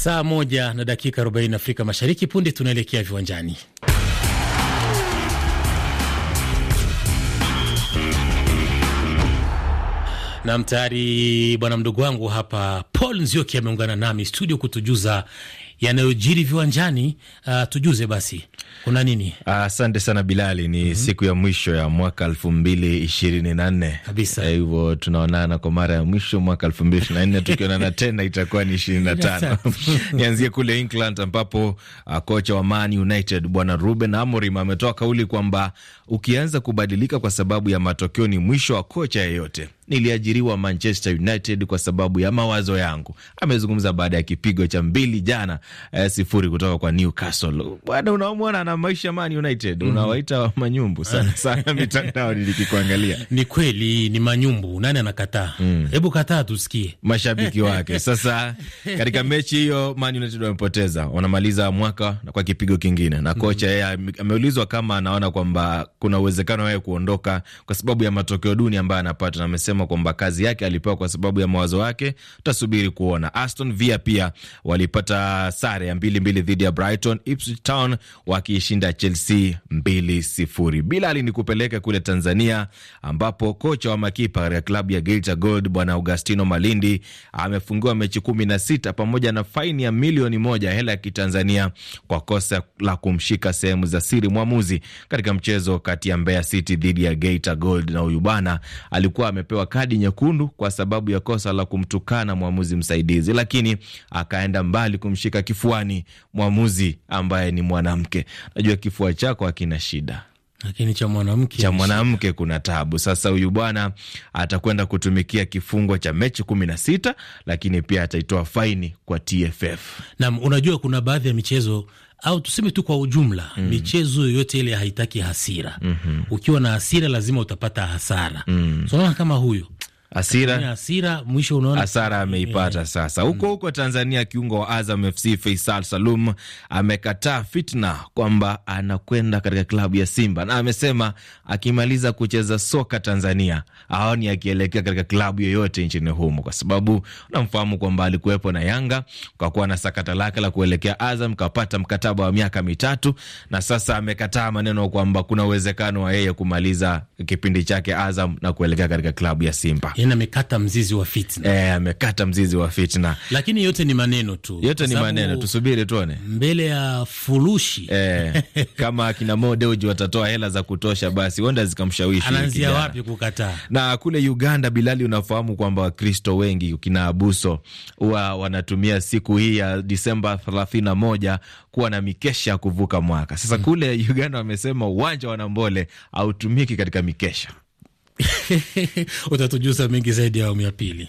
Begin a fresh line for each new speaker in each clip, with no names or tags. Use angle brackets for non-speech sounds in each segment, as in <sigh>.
Saa moja na dakika 40 Afrika Mashariki. Punde tunaelekea viwanjani. Nam tayari bwana mdogo wangu hapa Paul Nzioki ameungana nami studio kutujuza yanayojiri viwanjani. Uh, tujuze basi kuna nini?
Asante uh, sana Bilali. Ni mm -hmm. siku ya mwisho ya mwaka elfu mbili ishirini na nne kabisa, eh, hivyo tunaonana kwa mara ya mwisho mwaka elfu mbili ishirini na nne <laughs> tukionana tena itakuwa ni ishirini na tano <laughs> Nianzie kule England ambapo uh, kocha wa Man United bwana Ruben Amorim ametoa kauli kwamba ukianza kubadilika kwa sababu ya matokeo ni mwisho wa kocha yeyote niliajiriwa Manchester United kwa sababu ya mawazo yangu. Amezungumza baada ya kipigo cha mbili jana eh, sifuri kutoka kwa Newcastle. Bwana unaomwona na maisha Man United mhm. unawaita manyumbu sana <laughs> sana mitandao nilikikuangalia.
Ni kweli ni manyumbu, nani anakataa? Mm. Hebu Mm. kataa tusikie mashabiki wake. <laughs> Sasa
katika mechi hiyo Man United wamepoteza, wanamaliza mwaka kwa kipigo kingine, na mhm. kocha yeye mm -hmm. ameulizwa kama anaona kwamba kuna uwezekano yeye kuondoka kwa sababu ya matokeo duni ambayo anapata, na amesema akisema kwamba kazi yake alipewa kwa sababu ya mawazo yake. Tutasubiri kuona. Aston Villa pia walipata sare ya mbili mbili dhidi ya Brighton, Ipswich Town wakiishinda Chelsea mbili sifuri. Bila hali ni kupeleka kule Tanzania ambapo kocha wa makipa katika klabu ya Geita Gold Bwana Augustino Malindi amefungiwa mechi kumi na sita pamoja na faini ya milioni moja hela ya Kitanzania kwa kosa la kumshika sehemu za siri mwamuzi katika mchezo kati ya Mbeya City dhidi ya Geita Gold, na huyu bwana alikuwa amepewa kadi nyekundu kwa sababu ya kosa la kumtukana mwamuzi msaidizi, lakini akaenda mbali kumshika kifuani mwamuzi ambaye ni mwanamke. Najua kifua chako hakina shida
lakini cha mwanamke cha
mwanamke kuna tabu. Sasa huyu bwana atakwenda kutumikia kifungo cha mechi kumi na sita, lakini pia ataitoa faini kwa TFF.
Naam, unajua kuna baadhi ya michezo au tuseme tu kwa
ujumla mm.
Michezo yoyote ile haitaki hasira mm -hmm. Ukiwa na hasira lazima utapata
hasara mm. so kama huyo Asira. Asira, mwisho unaona asara ameipata. Sasa huko mm, huko Tanzania, kiungo wa Azam FC Faisal Salum amekataa fitna kwamba anakwenda katika klabu ya Simba na amesema akimaliza kucheza soka Tanzania aoni akielekea katika klabu yoyote nchini humo, kwa sababu namfahamu kwamba alikuwepo na Yanga, kakuwa na sakata lake la kuelekea Azam, kapata mkataba wa miaka mitatu, na sasa amekataa maneno kwamba kuna uwezekano wa yeye kumaliza kipindi chake Azam na kuelekea katika klabu ya Simba. Yani amekata mzizi wa fitna. e, amekata mzizi wa fitna.
Lakini yote ni maneno tu. Yote ni maneno,
tusubiri tuone. Mbele ya furushi. e, <laughs> kama akina Mo Dewji watatoa hela za kutosha basi wenda zikamshawishi. Anaanzia wapi kukataa? Na kule Uganda, Bilali, unafahamu kwamba Wakristo wengi kina Abuso huwa wanatumia siku hii ya Disemba 31 kuwa na mikesha ya kuvuka mwaka. Sasa mm. kule Uganda wamesema uwanja wa Nambole hautumiki katika mikesha. <laughs> utatujuza mengi zaidi ya awamu ya pili.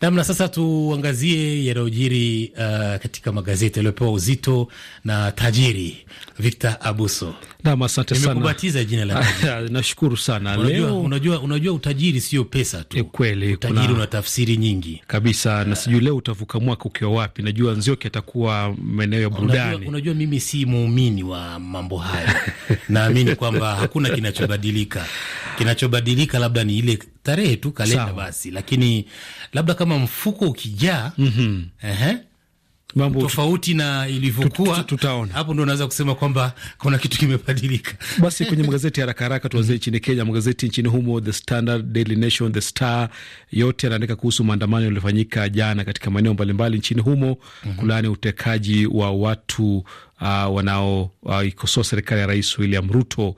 namna. Sasa tuangazie yanayojiri uh, katika magazeti yaliyopewa uzito na tajiri Victor Abuso. Nam, asante sana, nimekubatiza jina la <laughs> Nashukuru sana. Leo unajua, unajua
utajiri sio pesa tu. E, kweli utajiri kuna... una tafsiri nyingi kabisa, na sijui leo utavuka mwaka ukiwa wapi. Najua Nzioki atakuwa maeneo ya burudani. Unajua,
unajua mimi si muumini wa mambo hayo <laughs> naamini kwamba hakuna
kinachobadilika, <laughs> kinachobadilika labda
ni ile tarehe tu kalenda basi, lakini labda kama mfuko ukijaa mm -hmm. Mambo tofauti na ilivyokuwa, tutaona hapo, ndo naweza kusema kwamba kuna kitu kimebadilika.
Basi kwenye <laughs> magazeti haraka haraka tuanzie nchini Kenya. Magazeti nchini humo, The Standard, Daily Nation, The Star, yote yanaandika kuhusu maandamano yaliyofanyika jana katika maeneo mbalimbali nchini humo mm -hmm. kulaani utekaji wa watu uh, ah, wanaoikosoa ah, uh, serikali ya Rais William Ruto.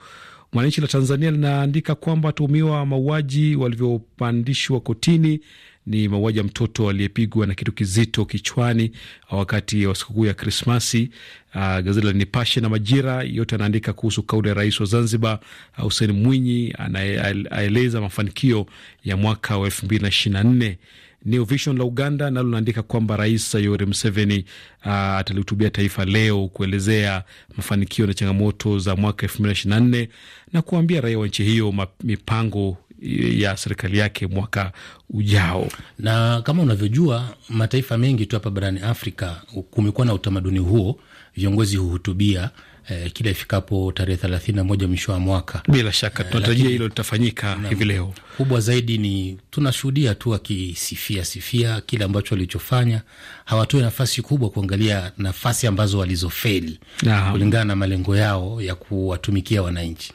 Mwananchi la Tanzania linaandika kwamba watuhumiwa mauaji walivyopandishwa kotini ni mauaji ya mtoto aliyepigwa na kitu kizito kichwani uh, wakati wa sikukuu ya Krismasi. Uh, gazeti la Nipashe na Majira yote anaandika kuhusu kauli ya rais wa Zanzibar uh, Hussein Mwinyi, anaeleza mafanikio ya mwaka wa elfu mbili na ishirini na nne. New Vision la Uganda nalo linaandika kwamba Rais Yoweri Museveni uh, atalihutubia taifa leo kuelezea mafanikio na changamoto za mwaka elfu mbili ishirini na nne na kuambia raia wa nchi hiyo mipango ya serikali yake mwaka ujao. Na kama unavyojua, mataifa mengi
tu hapa barani Afrika kumekuwa na utamaduni huo, viongozi huhutubia eh, kila ifikapo tarehe moja mwisho wa mwaka. Bila shaka eh, tunatarajia hilo litafanyika hivi leo. Kubwa zaidi ni tunashuhudia tu akisifia sifia kile ambacho walichofanya, hawatoe nafasi kubwa kuangalia nafasi ambazo walizofeli kulingana na malengo
yao ya kuwatumikia wananchi.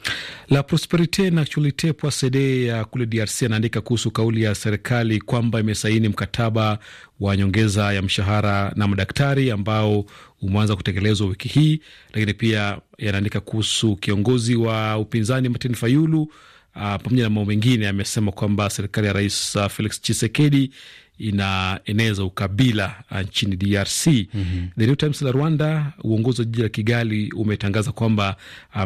La Prosperite na Actualite Poisede ya kule DRC anaandika kuhusu kauli ya serikali kwamba imesaini mkataba wa nyongeza ya mshahara na madaktari ambao umeanza kutekelezwa wiki hii, lakini pia yanaandika kuhusu kiongozi wa upinzani Martin Fayulu ah, pamoja na mambo mengine. Amesema kwamba serikali ya Rais ah, Felix chisekedi inaeneza ukabila uh, nchini DRC. mm -hmm. The New Times la Rwanda, uongozi wa jiji la Kigali umetangaza kwamba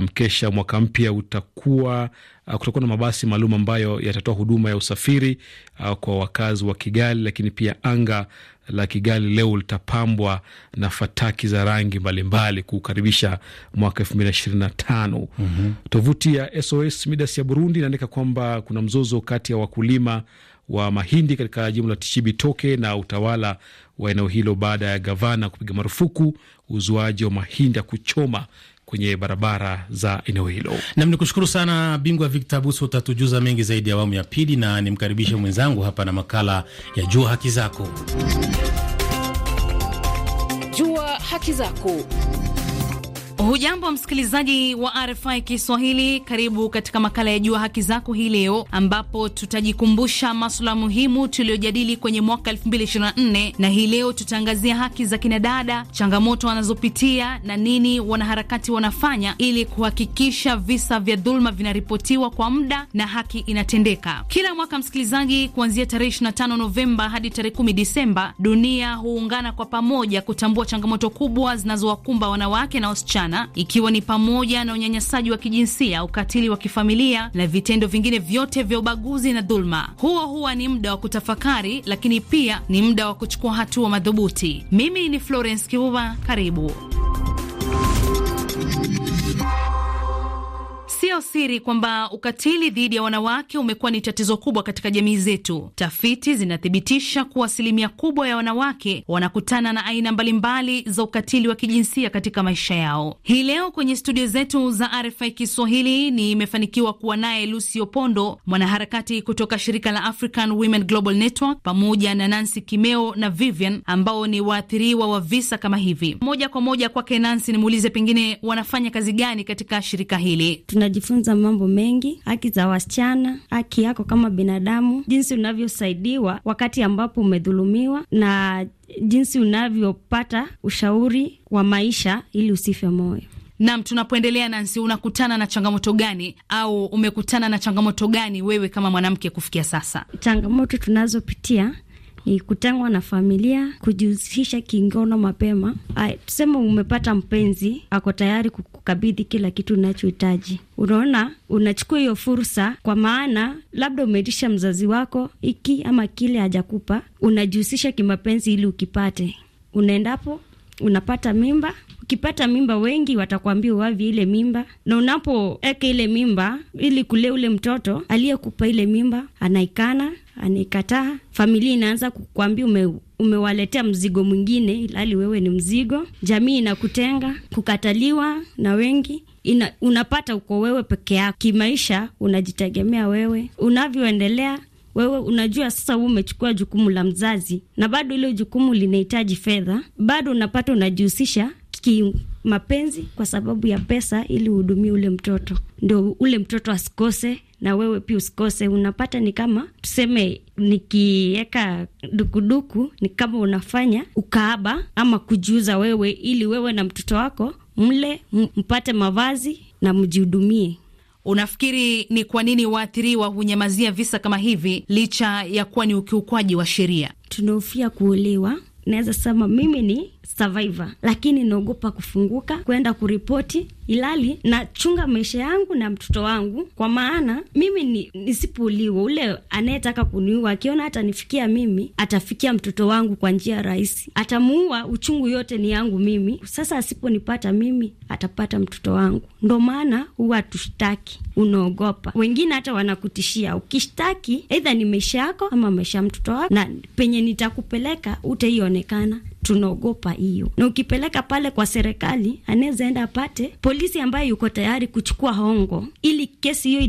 mkesha um, mwaka mpya utakuwa uh, kutakuwa na mabasi maalum ambayo yatatoa huduma ya usafiri uh, kwa wakazi wa Kigali, lakini pia anga la Kigali leo litapambwa na fataki za rangi mbalimbali kukaribisha mwaka elfu mbili na ishirini na tano. mm -hmm. Tovuti ya SOS Midas ya Burundi inaandika kwamba kuna mzozo kati ya wakulima wa mahindi katika jimbo la Chibitoke na utawala wa eneo hilo baada ya gavana kupiga marufuku uzuaji wa mahindi ya kuchoma kwenye barabara za eneo hilo. Nam ni kushukuru sana bingwa Victor Buso, utatujuza mengi zaidi ya awamu ya
pili, na nimkaribishe mwenzangu hapa na makala ya Jua Haki Zako.
Jua Haki Zako Hujambo msikilizaji wa RFI Kiswahili, karibu katika makala ya Jua Haki Zako hii leo, ambapo tutajikumbusha masuala muhimu tuliyojadili kwenye mwaka 2024 na hii leo tutaangazia haki za kinadada, changamoto wanazopitia na nini wanaharakati wanafanya ili kuhakikisha visa vya dhuluma vinaripotiwa kwa muda na haki inatendeka. Kila mwaka msikilizaji, kuanzia tarehe 25 Novemba hadi tarehe 10 Disemba, dunia huungana kwa pamoja kutambua changamoto kubwa zinazowakumba wanawake na wasichana ikiwa ni pamoja na unyanyasaji wa kijinsia, ukatili wa kifamilia na vitendo vingine vyote vya ubaguzi na dhuluma. Huo huwa ni muda wa kutafakari, lakini pia ni muda wa kuchukua hatua madhubuti. Mimi ni Florence Kiuva, karibu. Sio siri kwamba ukatili dhidi ya wanawake umekuwa ni tatizo kubwa katika jamii zetu. Tafiti zinathibitisha kuwa asilimia kubwa ya wanawake wanakutana na aina mbalimbali za ukatili wa kijinsia katika maisha yao. Hii leo kwenye studio zetu za RFI Kiswahili nimefanikiwa kuwa naye Lucy Opondo, mwanaharakati kutoka shirika la African Women Global Network, pamoja na Nancy Kimeo na Vivian ambao ni waathiriwa wa visa kama hivi. Moja kwa moja kwake Nancy, nimuulize pengine wanafanya kazi gani
katika shirika hili Tuna unajifunza mambo mengi, haki za wasichana, haki yako kama binadamu, jinsi unavyosaidiwa wakati ambapo umedhulumiwa na jinsi unavyopata ushauri wa maisha ili usife moyo. Nam, tunapoendelea
Nansi, unakutana na changamoto gani au umekutana na changamoto gani wewe kama mwanamke
kufikia sasa? Changamoto tunazopitia ni kutengwa na familia, kujihusisha kingono mapema. Tuseme umepata mpenzi ako tayari kukabidhi kila kitu unachohitaji, unaona, unachukua hiyo fursa, kwa maana labda umeitisha mzazi wako hiki ama kile hajakupa, unajihusisha kimapenzi ili ukipate. Unaendapo unapata mimba Ukipata mimba, wengi watakwambia uwavye ile mimba, na unapoweka ile mimba ili kulea ule mtoto, aliyekupa ile mimba anaikana, anikataa. Familia inaanza kukwambia ume, umewaletea mzigo mwingine, ilhali wewe ni mzigo. Jamii inakutenga, kukataliwa na wengi ina, unapata uko wewe peke yako. Kimaisha unajitegemea wewe, unavyoendelea wewe unajua sasa, huu umechukua jukumu la mzazi na bado ile jukumu linahitaji fedha, bado unapata unajihusisha kimapenzi kwa sababu ya pesa, ili uhudumie ule mtoto, ndo ule mtoto asikose na wewe pia usikose. Unapata ni kama tuseme, nikiweka dukuduku ni kama unafanya ukaaba ama kujiuza wewe, ili wewe na mtoto wako mle mpate mavazi na mjihudumie. Unafikiri ni kwa nini waathiriwa hunyamazia visa kama hivi licha ya kuwa ni ukiukwaji wa sheria? Tunahofia kuuliwa. Naweza sema mimi ni survivor, lakini naogopa kufunguka kwenda kuripoti, ilali nachunga maisha yangu na mtoto wangu, kwa maana mimi ni, nisipuuliwa ule anayetaka kuniua akiona hata nifikia mimi atafikia mtoto wangu kwa njia rahisi, atamuua. Uchungu yote ni yangu mimi. Sasa asiponipata mimi atapata mtoto wangu. Ndo maana huwa tushtaki, unaogopa. Wengine hata wanakutishia ukishtaki, aidha ni maisha yako ama maisha ya mtoto wako, na penye nitakupeleka utaionekana tunaogopa hiyo. Na ukipeleka pale kwa serikali, anaweza enda apate polisi ambayo yuko tayari kuchukua hongo ili kesi hiyo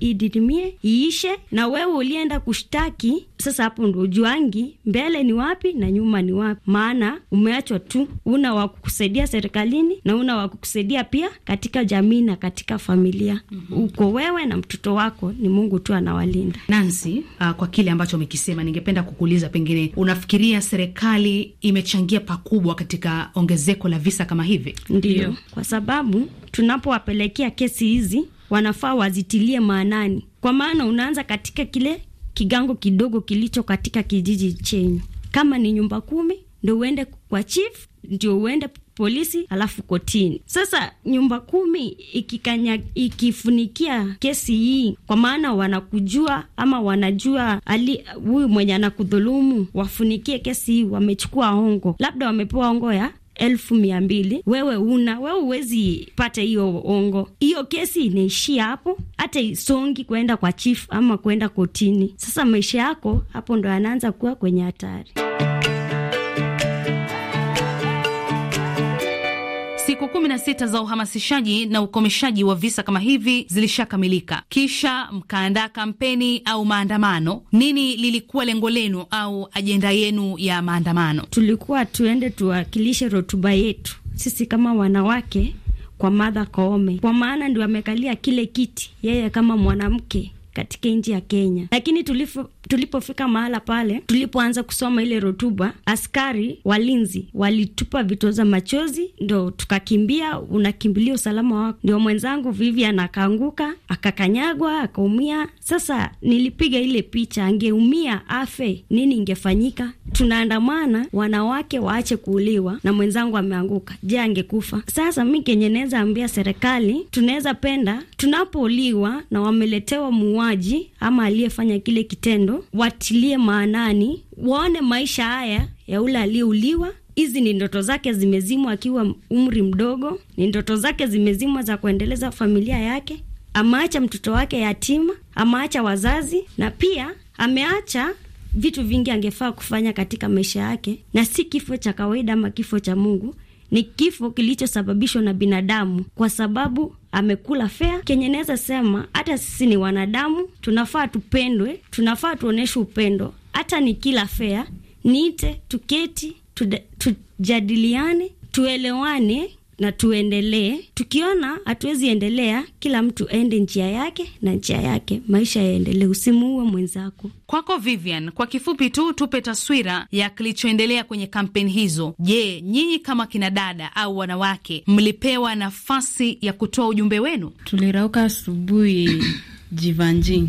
ididimie, iishe, na wewe ulienda kushtaki. Sasa hapo ndo ujuangi mbele ni wapi na nyuma ni wapi, maana umeachwa tu, una wa kukusaidia serikalini na una wa kukusaidia pia katika jamii na katika familia. Mhm. Uko wewe na mtoto wako, ni Mungu tu anawalinda. Nancy, uh, kwa kile ambacho umekisema, ningependa kukuuliza, pengine unafikiria serikali ime imechangia pakubwa katika ongezeko la visa kama hivi? ndio kwa sababu tunapowapelekea kesi hizi wanafaa wazitilie maanani, kwa maana unaanza katika kile kigango kidogo kilicho katika kijiji chenyu. Kama ni nyumba kumi, ndio uende kwa chief, ndio uende polisi, alafu kotini. Sasa nyumba kumi ikikanya, ikifunikia kesi hii, kwa maana wanakujua ama wanajua ali huyu mwenye anakudhulumu, wafunikie kesi hii, wamechukua ongo labda wamepewa ongo ya elfu mia mbili. Wewe una wewe huwezi pata hiyo ongo, hiyo kesi inaishia hapo, hata isongi kwenda kwa chifu ama kwenda kotini. Sasa maisha yako hapo ndo yanaanza kuwa kwenye hatari. Siku kumi na sita za uhamasishaji na
ukomeshaji wa visa kama hivi zilishakamilika. Kisha mkaandaa kampeni au maandamano. Nini lilikuwa lengo lenu au ajenda yenu ya
maandamano? Tulikuwa tuende tuwakilishe rotuba yetu sisi kama wanawake kwa madha Koome, kwa maana ndio amekalia kile kiti, yeye kama mwanamke katika nchi ya Kenya. Lakini tulifu, tulipofika mahala pale, tulipoanza kusoma ile rotuba, askari walinzi walitupa vitoza machozi, ndo tukakimbia. Unakimbilia usalama wako. Ndio mwenzangu Vivian akaanguka, akakanyagwa, akaumia. Sasa nilipiga ile picha, angeumia afe, nini ingefanyika? Tunaandamana, wanawake waache kuuliwa, na mwenzangu ameanguka. Je, angekufa? Sasa mi kenye naweza ambia serikali, tunaweza penda tunapouliwa na wameletewa muwa msemaji ama aliyefanya kile kitendo watilie maanani, waone maisha haya ya ule aliyeuliwa. Hizi ni ndoto zake zimezimwa akiwa umri mdogo, ni ndoto zake zimezimwa za kuendeleza familia yake. Ameacha mtoto wake yatima, ameacha wazazi na pia ameacha vitu vingi angefaa kufanya katika maisha yake, na si kifo cha kawaida ama kifo cha Mungu. Ni kifo kilichosababishwa na binadamu, kwa sababu amekula fea. Kenye naweza sema hata sisi ni wanadamu, tunafaa tupendwe, tunafaa tuonyeshe upendo. Hata ni kila fea niite, tuketi, tujadiliane, tuelewane na tuendelee. Tukiona hatuwezi endelea, kila mtu ende njia yake na njia yake, maisha yaendelee, usimuue mwenzako.
Kwako Vivian, kwa kifupi tu tupe taswira ya kilichoendelea kwenye kampeni hizo. Je, nyinyi kama kina dada au wanawake mlipewa nafasi ya kutoa ujumbe wenu? Tulirauka asubuhi Jivanji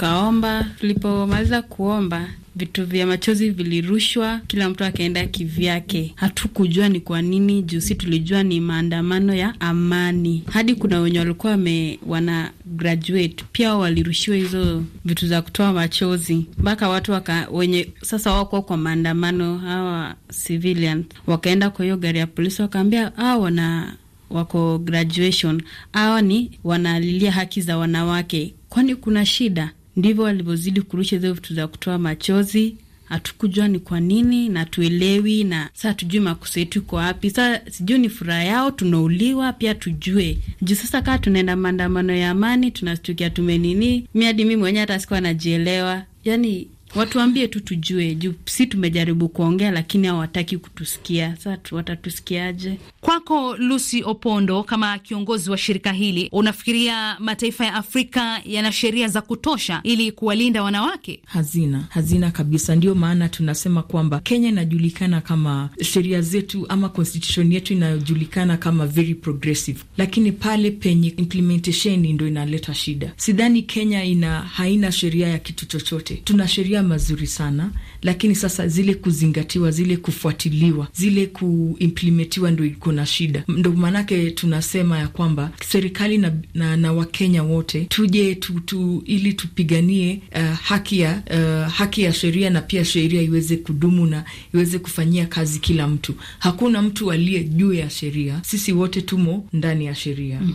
tukaomba. Tulipomaliza kuomba vitu vya machozi vilirushwa, kila mtu akaenda kivyake. Hatukujua ni kwa nini, juu si tulijua ni maandamano ya amani. Hadi kuna wenye walikuwa wame wana graduate pia walirushiwa hizo vitu za kutoa machozi, mpaka watu waka, wenye sasa wako kwa maandamano hawa civilian wakaenda kwa hiyo gari ya polisi, wakaambia hawa wana wako graduation, hawa ni wanaalilia haki za wanawake, kwani kuna shida ndivyo walivyozidi kurusha hizo vitu za kutoa machozi. Hatukujua ni kwa nini na tuelewi, na saa tujui makosa yetu iko wapi. Saa sijui ni furaha yao, tunauliwa pia tujue juu. Sasa kaa tunaenda maandamano ya amani, tunastukia tumenini, mi hadi mi mwenyewe hata sikuwa najielewa yani Watuambie tu tujue, juu si tumejaribu kuongea lakini hawataki kutusikia. Sa watatusikiaje? Kwako Lucy Opondo, kama kiongozi wa shirika hili, unafikiria mataifa ya Afrika yana sheria za kutosha ili kuwalinda
wanawake? Hazina, hazina kabisa. Ndio maana tunasema kwamba Kenya inajulikana kama sheria zetu ama constitution yetu inayojulikana kama very progressive, lakini pale penye implementation ndo inaleta shida. Sidhani Kenya ina haina sheria ya kitu chochote. Tuna sheria mazuri sana lakini sasa zile kuzingatiwa, zile kufuatiliwa, zile kuimplementiwa ndo iko na shida. Ndo maanake tunasema ya kwamba serikali na, na, na Wakenya wote tuje tu, tu, ili tupiganie uh, haki ya uh, haki ya sheria na pia sheria iweze kudumu na iweze kufanyia kazi kila mtu. Hakuna mtu aliye juu ya sheria, sisi wote tumo ndani ya sheria mm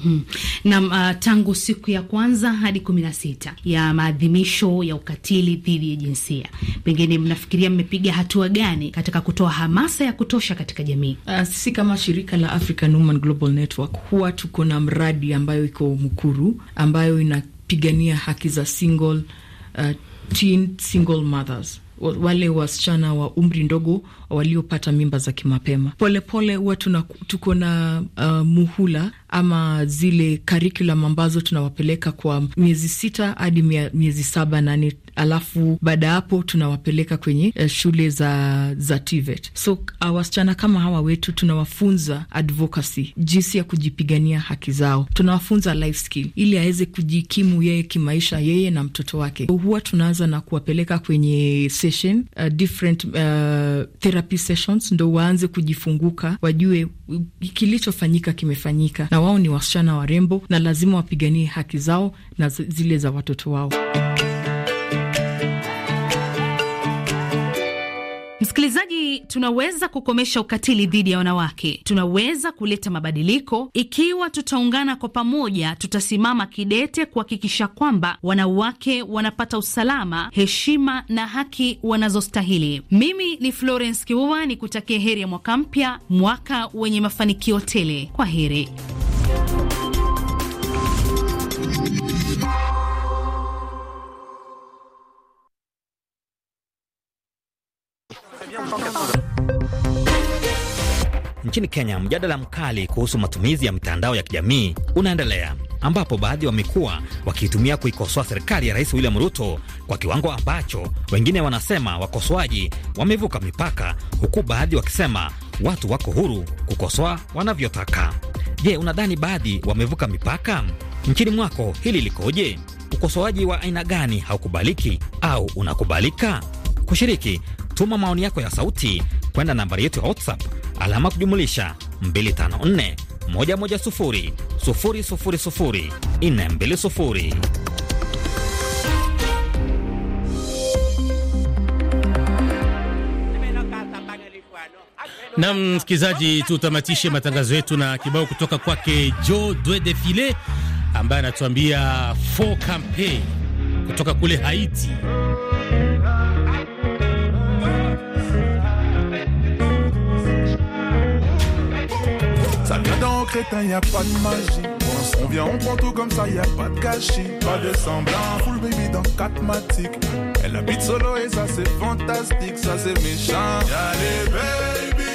-hmm. na uh, tangu siku ya kwanza hadi kumi na sita
ya maadhimisho ya
ukatili dhidi ya jinsia pengine mna mnafikiria mmepiga hatua gani katika kutoa hamasa ya
kutosha katika jamii? Uh, sisi kama shirika la African Women Global Network huwa tuko na mradi ambayo iko Mukuru ambayo inapigania haki za single uh, teen single mothers wale wasichana wa umri ndogo waliopata mimba za kimapema. Polepole huwa tuko na uh, muhula ama zile curriculum ambazo tunawapeleka kwa miezi sita hadi miezi saba nane, alafu baada ya hapo tunawapeleka kwenye uh, shule za, za TVET. So ah, wasichana kama hawa wetu tunawafunza advocacy, jinsi ya kujipigania haki zao, tunawafunza life skill ili aweze kujikimu yeye kimaisha, yeye na mtoto wake. Huwa tunaanza na kuwapeleka kwenye session, uh, different, uh, therapy sessions ndo waanze kujifunguka, wajue kilichofanyika kimefanyika na wao ni wasichana warembo na lazima wapiganie haki zao na zile za watoto wao.
Msikilizaji, tunaweza kukomesha ukatili dhidi ya wanawake. Tunaweza kuleta mabadiliko ikiwa tutaungana kwa pamoja. Tutasimama kidete kuhakikisha kwamba wanawake wanapata usalama, heshima na haki wanazostahili. Mimi ni Florence kiua ni kutakia heri ya mwaka mpya, mwaka wenye mafanikio tele. Kwa heri.
Nchini Kenya, mjadala mkali kuhusu matumizi ya mitandao ya kijamii unaendelea ambapo baadhi wamekuwa wakiitumia kuikosoa serikali ya Rais William Ruto kwa kiwango ambacho wengine wanasema wakosoaji wamevuka mipaka, huku baadhi wakisema watu wako huru kukosoa wanavyotaka. Je, unadhani baadhi wamevuka mipaka? Nchini mwako hili likoje? Ukosoaji wa aina gani haukubaliki au unakubalika? Kushiriki tuma maoni yako ya sauti kwenda nambari yetu ya WhatsApp alama kujumulisha 254 110 mbili sufuri.
Nam msikilizaji, tutamatishe matangazo yetu na kibao kutoka kwake Jo Dwe Defile ambaye anatuambia fo campaign kutoka kule Haiti.
crétin, y a pas de magie. On vient, on prend tout comme ça, y a pas de cachis, Pas de semblant, full baby dans 4 matiques. Elle habite solo et ça c'est fantastique, ça c'est méchant. Y'a les baby,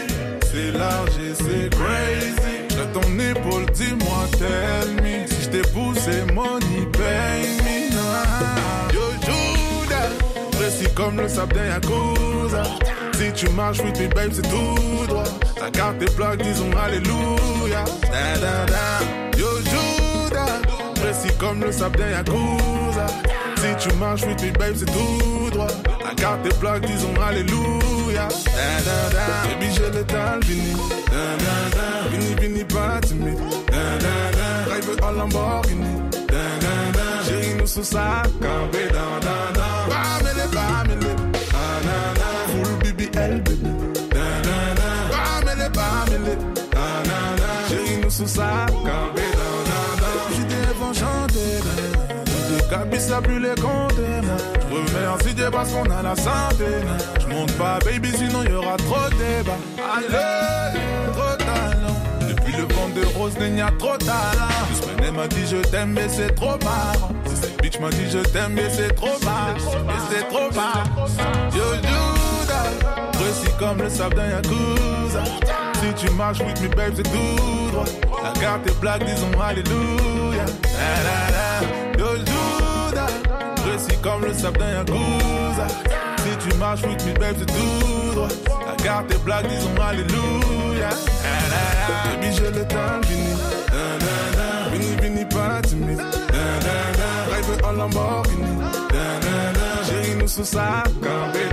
c'est large et c'est crazy. J'ai ton épaule, dis-moi, tell me. Si je t'ai poussé, money, pay me. Nah. Yo, Judas, précis comme le sable d'un Yakuza. Si tu marches, with me babe, c'est tout droit. Ta carte est plaque, disons Alléluia. Da da da, yo Juda. Précis comme le sable d'un Yakuza. Si tu marches, with me, babe, c'est tout droit. Ta carte des plaque, disons Alléluia. Da da da, baby, je le tal, vini. Da da da, vini, vini, pas timide. Da da da, drive en Lamborghini. Da da da, j'ai une sous sa campé dans à plus les compter. Je remercie Dieu parce à la santé. Je monte pas, baby, sinon y aura trop de débats. Allez, trop talent. Depuis le vent de rose, il n'y a trop talent. Le m'a dit je t'aime, mais c'est trop marrant. Cette bitch m'a dit je t'aime, mais c'est trop marrant. Et c'est trop marrant. Yo, yo, Précis comme le sable d'un yakuza. Si tu marches with me, babe, c'est tout droit. La garde est blagues, disons alléluia comme le sable d'un Yakuza. Si tu marches, foot me babe, c'est tout droit. carte est blagues, disons Alléluia. Baby, j'ai le temps, vini. Vini, vini, pas timide. Drive en Lamborghini. Chérie, nous sous sa campée.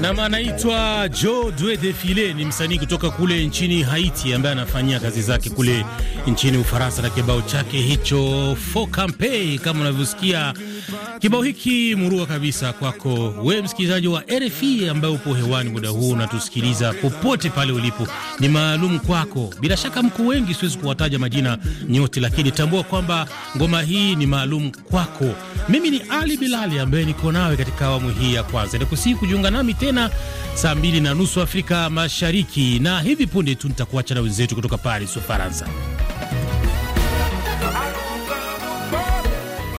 Nam anaitwa Jo Dwe Defile, ni msanii kutoka kule nchini Haiti ambaye anafanyia kazi zake kule nchini Ufaransa na kibao chake hicho for campaign. Kama unavyosikia kibao hiki murua kabisa kwako we msikilizaji wa RFI ambaye upo hewani muda huu unatusikiliza popote pale ulipo, ni maalum kwako. Bila shaka mko wengi, siwezi kuwataja majina nyote, lakini tambua kwamba ngoma hii ni maalum kwako. Mimi ni Ali Bilali ambaye niko nawe katika awamu hii ya kwanza, nakusihi kujiunga nami tena tena saa mbili na nusu Afrika Mashariki, na hivi punde tu nitakuacha na wenzetu kutoka
Paris, Ufaransa.